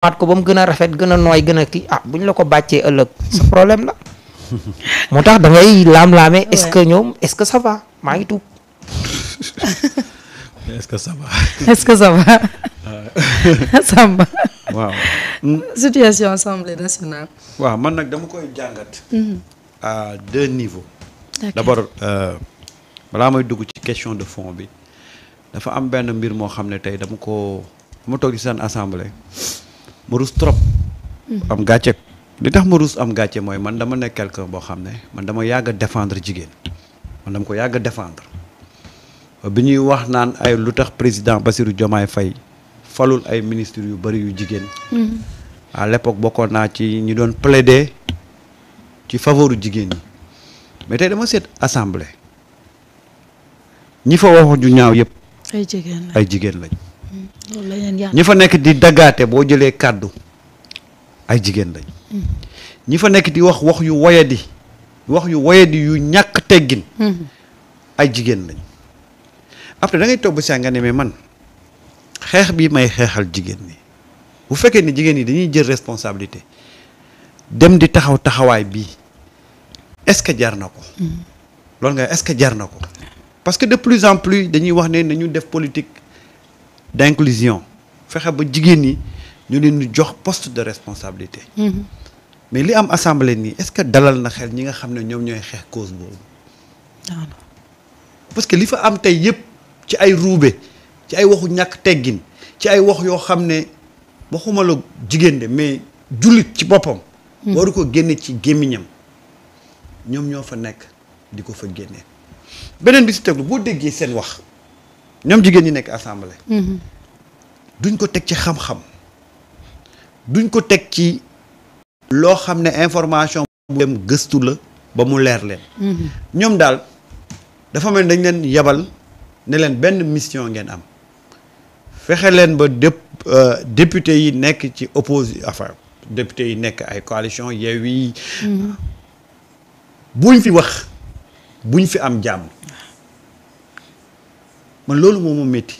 maat ko ba mu gën a rafet gën a nooy gën a kii ah bu ñu la ko bàccee ëllëg problème la moo tax da ngay laam ce que ñoom est-ce que ça maa ngi tuub est est-ce que ça va Samba waaw situation man nag dama koy jàngat mhm. à deux niveaux d'abord euh, balaa may dugg ci question de fonds bi dafa am benn mbir moo xam ne tey dama ko dama toog seen assemblée ma rus trop. Hmm. am gàcce li tax ma rus am gàcce mooy man dama nekk quelqu'un boo xam ne man dama yàgg a défendre jigéen man dama ko yàgg a défendre bi ñuy wax naan ay lu tax président Bassirou Diomaye fay falul ay ministres yu bëri yu jigéen. Hmm. à l'époque bokkoon naa ci ñi doon plaider ci favoru jigéen ñi mais tey dama seet assemblée ñi fa waxoon ñaaw yëpp. ay jigéen ay jigéen lañ. ñi fa nekk di daggaate boo jëlee kàddu ay jigéen lañ mm. ñi fa nekk di wax wax yu woyadi wax yu woyadi yu ñàkk teggin mm. ay jigéen lañ après da ngay toog ba nga ne mais man xeex bi may xeexal jigéen ñi bu fekkee ne jigéen yi dañuy jël responsabilité dem di taxaw taxawaay bi est-ce que jar na ko mm. loolu nga est-ce que jar na ko parce de plus en plus dañuy wax ne nañu def politique d' fexe ba jigéen ñi ñu leen di jox poste de responsabilité. Mhm. mais li am assemblée nii est ce que dalal na xel ñi nga xam ne ñoom ñooy xeex cause boobu. Ah parce que li fa am tey yëpp ci ay ruube ci ay waxu ñàkk teggin ci ay wax yoo xam ne waxuma jigéen de mais jullit ci boppam. Mhm. waru ko génne ci gémmiñam ñoom ñoo fa nekk di ko fa génne. beneen bi si teglu boo déggee seen wax. ñoom jigéen ñi nekk assemblée. Mm-hmm. duñ ko teg ci xam-xam duñ ko teg ci loo xam ne information bu dem gëstu la ba mu leer leen mm-hmm. ñoom daal dafa mel dañ leen yebal ne leen benn mission ngeen am fexe leen ba dép euh, député yi nekk ci opposi enfin député yi nekk ay coalition Yewwi mm-hmm. buñ fi wax buñ fi am jàmm man loolu moo ma métti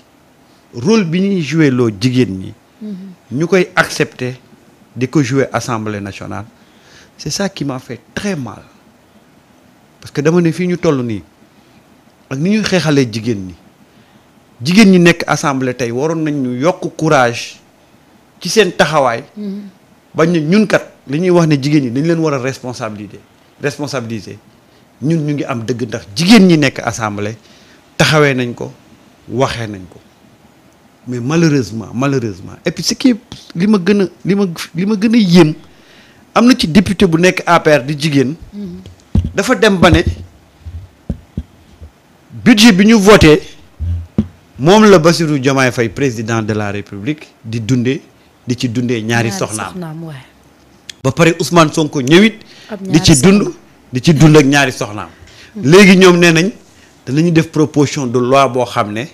rôle bi ñuy joué loo jigéen ñi. Mm-hmm. ñu koy accepter di ko jouer assemblée nationale. c'est ça qui m'a fait très mal parce que dama ne fii ñu toll nii ak ni ñuy xeexalee jigéen ñi jigéen ñi nekk assemblée tey waroon nañ ñu yokk courage ci seen taxawaay. Mm-hmm. bañ ne ñunkat li ñuy wax ne jigéen ñi dañ leen war a responsabilité responsabiliser ñun ñu ngi am dëgg ndax jigéen ñi nekk assemblée taxawee nañ ko. waxee nañ ko mais malheureusement malheureusement et puis ce li ma gën a li ma li ma gën a yéem am na ci député bu nekk APR di jigéen mhm. dafa dem ba ne budget bi ñu voté moom la Bassirou Diomaye fay président de la République di dundee di ci dundee ñaari soxnaam ba pare Ousmane Sonko ñëwit di ci dund di ci dund ak ñaari soxnaam mhm. léegi ñoom nee nañ danañu def proposition de loi boo xam ne.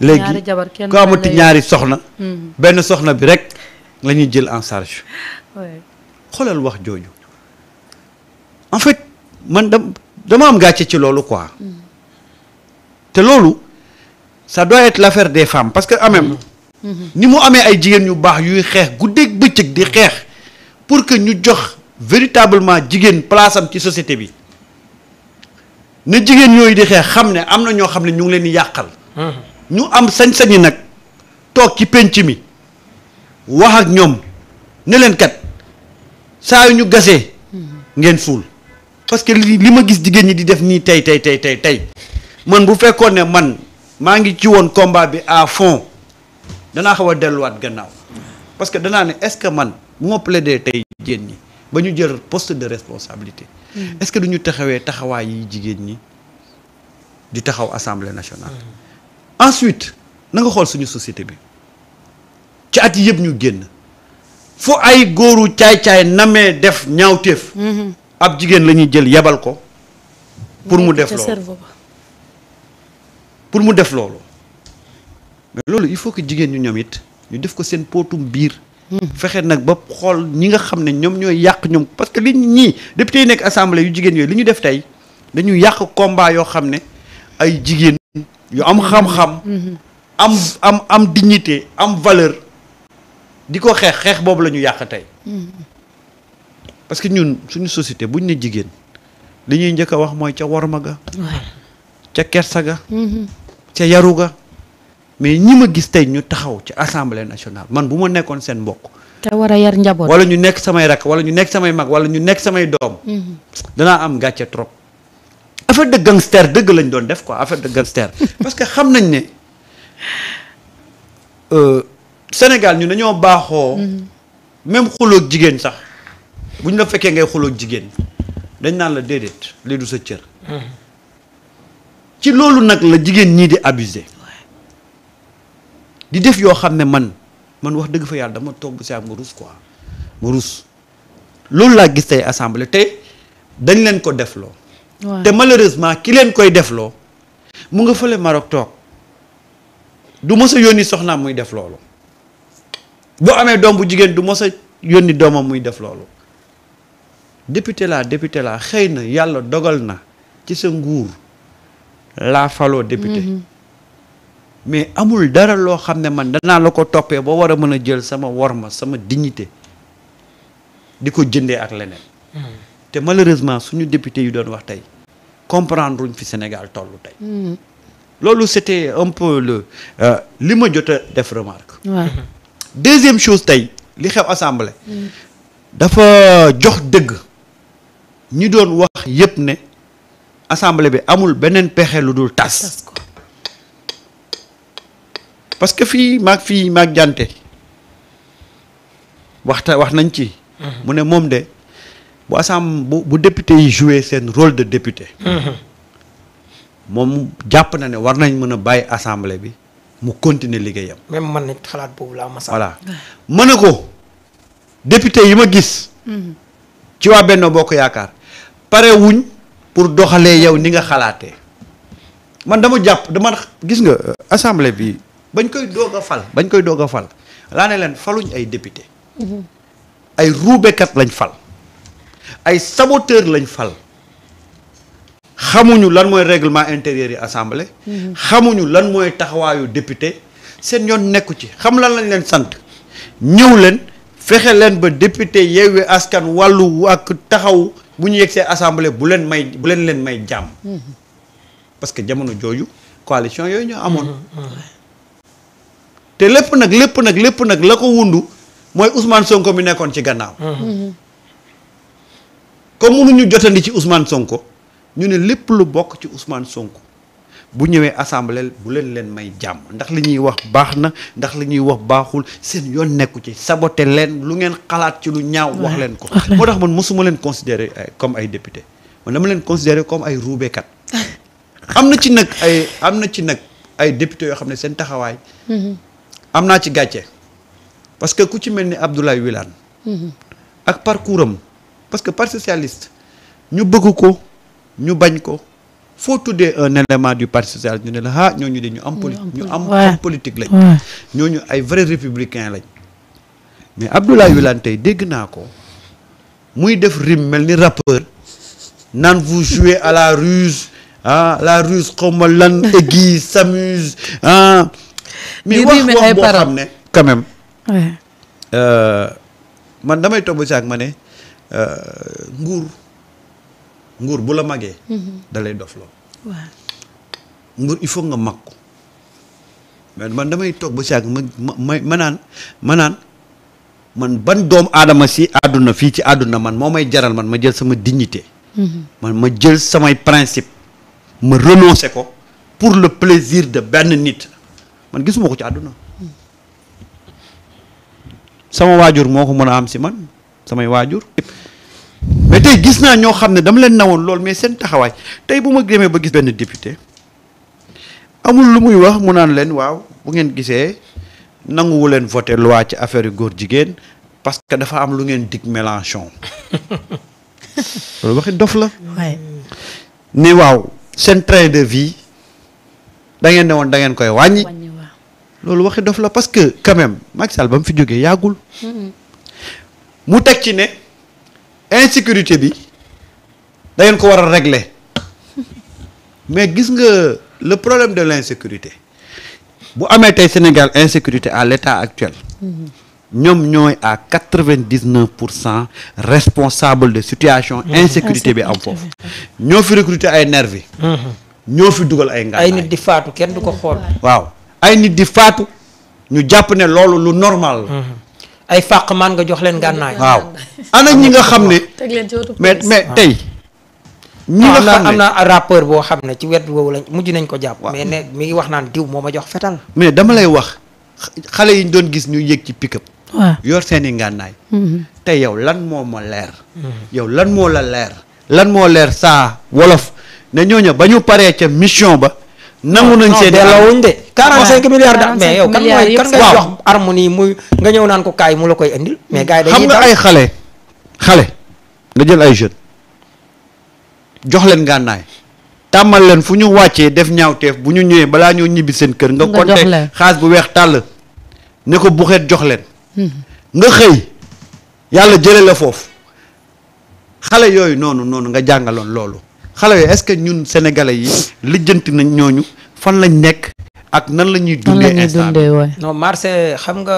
léegi hmm. ku amati ñaari soxna. Hmm. benn soxna bi rek la ñuy jël en charge. xoolal wax jooju en fait man dama am gàcce ci loolu quoi. Hmm. te loolu sa doit être l'affaire des femmes parce que en ni mu amee ay jigéen yu baax yuy xeex guddeeg bëccëg di xeex pour que ñu jox véritablement jigéen place am ci société bi. na jigéen yooyu di xeex xam ne am na ñoo xam ne ñu ngi leen di yàqal. ñu am sañ-sañi nag toog ci pénc mi wax ak ñoom ne leen kat saa yu ñu gasee ngeen fuul parce que li li ma gis jigéen ñi di def nii tey tey tey tey tey man bu fekkoon ne man maa ngi ci woon combat bi à fond danaa xaw a delluwaat gannaaw parce que danaa ne est-ce que man mopp ma plaider tey jigéen ñi. ba ñu jël post de responsabilité. Mm. est que du ñu taxawee taxawaay yi jigéen ñi di taxaw assemblée nationale. Mm. ensuite na nga xool suñu société bi ci at yi yëpp ñu génn fu ay góoru caay-caay namee def ñaawteef. Mm-hmm. ab jigéen la ñuy jël yebal ko. pour mu def loolu pour mu def loolu. mais loolu il faut que jigéen ñu ñoom it ñu def ko seen pootum biir. fexe nag ba xool ñi nga xam ne ñoom ñooy yàq ñoom parce que li ñii député yi nekk assemblée yu jigéen yooyu li ñu def tey dañu yàq combat yoo xam ne ay jigéen yu am xam-xam am am am dignité am valeur di ko xeex xeex boobu la ñu yàq tey parce que ñun suñu société buñ ne jigéen li ñuy njëkk a wax mooy ca worma ga ca kersa ga mm-hmm. ca yaru ga mais ñi ma gis tey ñu taxaw ci assemblée nationale man bu ma nekkoon seen mbokk. te war a yar njaboot. wala ñu nekk samay rakk wala ñu nekk samay mag wala ñu nekk samay doom. Mhm. danaa am gàcce trop. affaire de gangster dëgg lañ doon def quoi affaire de gangster parce que xam nañ ne euh, Sénégal ñu dañoo baaxoo. Mhm. même xuloog jigéen sax bu ñu la fekkee ngay xuloog jigéen dañ naan la déedéet lii du sa cër. Mhm. ci loolu nag la jigéen ñii di abusé. di def yoo xam ne man man wax dëgg fa yàlla dama togg bu si ma rus quoi ma rus loolu laa gis tey assemblée tey dañ leen ko defloo. te malheureusement ki leen koy defloo mu nga fële Maroc toog du mos a yónni soxnaam muy def loolu boo amee doom bu jigéen du mos a yónni doomam muy def loolu député laa député laa xëy na yàlla dogal na ci sa nguur laa faloo député. Mm-hmm. mais amul dara loo xam ne man danaa la ko toppee ba war a mën a jël sama worma sama dignité di ko jëndee ak leneen. Hmm. te malheureusement suñu député yu doon wax tey comprendre uñ fi Sénégal tollu tey. Hmm. loolu c'était un peu le euh, li ma jot a def remarque. deuxième chose tey li xew assemblée. Hmm. dafa jox dëgg ñu doon wax yépp ne assemblée bi amul beneen pexe lu dul tas. parce que fii maag fii maag jante waxta wax nañ ci. Mm-hmm. mu ne moom de bu assemblée bu bu député yi jouer seen role de député. Mm-hmm. moom jàpp na ne war nañ mën a bàyyi assemblée bi mu continuer liggéeyam. même man it xalaat boobu laa ma. voilà mën na ko député yi ma gis. Mm-hmm. ci waa Benno Bokk Yaakaar parewuñ pour doxalee yow ni nga xalaate man dama jàpp dama gis nga euh, assemblée bi. bañ koy doog a fal bañ koy doog fal laa ne leen faluñ ay député ay ruubekat lañ fal ay saboteur lañ fal xamuñu lan mooy règlement intérieur yi assemblée xamuñu lan mooy taxawaayu député seen yoon nekku ci xam lan lañ leen sant ñëw leen fexe leen ba député Yewwi Askan Wàllu ak taxaw bu ñu yegsee assemblée bu leen may bu leen leen may jàmm mm-hmm. parce que jamono jooju coalition yooyu ñoo amoon mm-hmm. Mm-hmm. te lépp nag lépp nag lépp nag la ko wundu mooy Ousmane Sonko mi nekkoon ci gannaaw. Mm-hmm. Mm-hmm. comme ñu jotandi ci usmaan Sonko ñu ne lépp lu bokk ci Ousmane Sonko bu ñëwee assemblée bu leen leen may jàmm ndax li ñuy wax baax na ndax li ñuy wax baaxul seen yoon nekku ci sabote leen lu ngeen xalaat ci lu ñaaw. wax leen ko ah, moo tax man mosuma leen considérer eh, comme ay député man dama leen considérer comme ay ruubekat am na ci nag ay am na ci nag ay député yoo xam ne seen taxawaay. Mm-hmm. am naa ci gàcce parce que ku ci mel ni Abdoulaye Wilane ak parcours parce que parti socialiste ñu bëgg ko ñu bañ ko foo tuddee un élément du parti socialiste ñu ne la ah ñooñu de ñu am poli ñu am politique lañ ñooñu ay vrai républicain lañ mais Abdoulaye Wilane tey dégg naa ko muy def rime mel ni rappeur naan vous jouez à la ruse ah, la ruse xawma lan aiguise s'amuse ah, mais wax wax boo xam ne quand euh, man damay toog ba si ak ma ne euh, nguur nguur bu la magee. Mhm. nguur il faut nga mag ko man damay toog ba si ak ma ma ma man ban doom aadama si àdduna fii ci àdduna man moo may jaral man ma jël sama dignité. Mhm. man ma jël samay principe ma renoncer ko pour le plaisir de benn nit. man gisuma ko ci àdduna sama waajur moo ko mën a am si man samay waajur mais tey gis naa ñoo xam ne dama leen nawoon lool mais seen taxawaay tey bu ma demee ba gis benn député amul lu muy wax mu naan leen waaw bu ngeen gisee nanguwu leen voté loi ci affaire yu góor jigéen parce que dafa am lu ngeen dig Mélenchon loolu waxi dof la ne waaw seen train de vie da ngeen ne woon da ngeen koy wàññi loolu waxi dof la parce que quand même Macky Sall ba mu fi jógee yàggul. mu teg ci ne insécurité bi dangeen ko war a régler mais gis nga le problème de l' insécurité bu amee tey Sénégal insécurité à l' état actuel. ñoom ñooy à quatre vingt dix neuf pour cent responsable de situation. insécurité bi am foofu. ñoo fi recruter ay nervi ñoo fi dugal ay. ngànnaay ay nit di faatu kenn du ko xool. waaw. ay nit di faatu ñu jàpp ne loolu lu normal la. Mhm. ay fàq maan nga jox leen gànnaay. waaw ana ñi nga xam ne. mais mais ah. tey. ñi nga xam ne am na rappeur boo xam ne ci wet woowu mujj nañ ko jàpp. mais ne mi ngi wax naan diw moo ma jox fetal. mais dama lay wax xale yi ñu doon gis ñu yéeg ci pick-up. waaw yor seen i ngànnaay. Mhm. te yow lan moo ma leer. Mhm. yow lan moo la leer. lan moo leer saa wolof ne ñooñu ba ñu paree ca mission ba. nangu nañ see delloowuñ de 45 mais yow kan mooy kan ngay jox harmonie muy nga ñëw naan ko kaay mu la koy indil mais gars yi dañuy ay xale xale nga jël ay jeunes jox leen ngànnaay tàmmal leen fu ñu wàccee def ñaawteef bu ñu ñëwee balaa ñoo ñibbi seen kër nga konte xaalis bu weex tàll ne ko buxeet jox leen hmm. nga xëy yàlla jële la foofu xale yooyu noonu noonu nga jàngaloon loolu xale yooyu est-ce que ñun sénégalais yi lijjanti nañ ñooñu fan lañ nekk ak nan la ñuy dundee instant non marché xam nga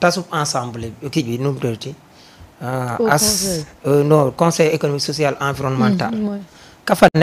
tasub ensemble kii bi nu mu tuddati euh, as euh, non conseil économique sociale environnemental mm, ka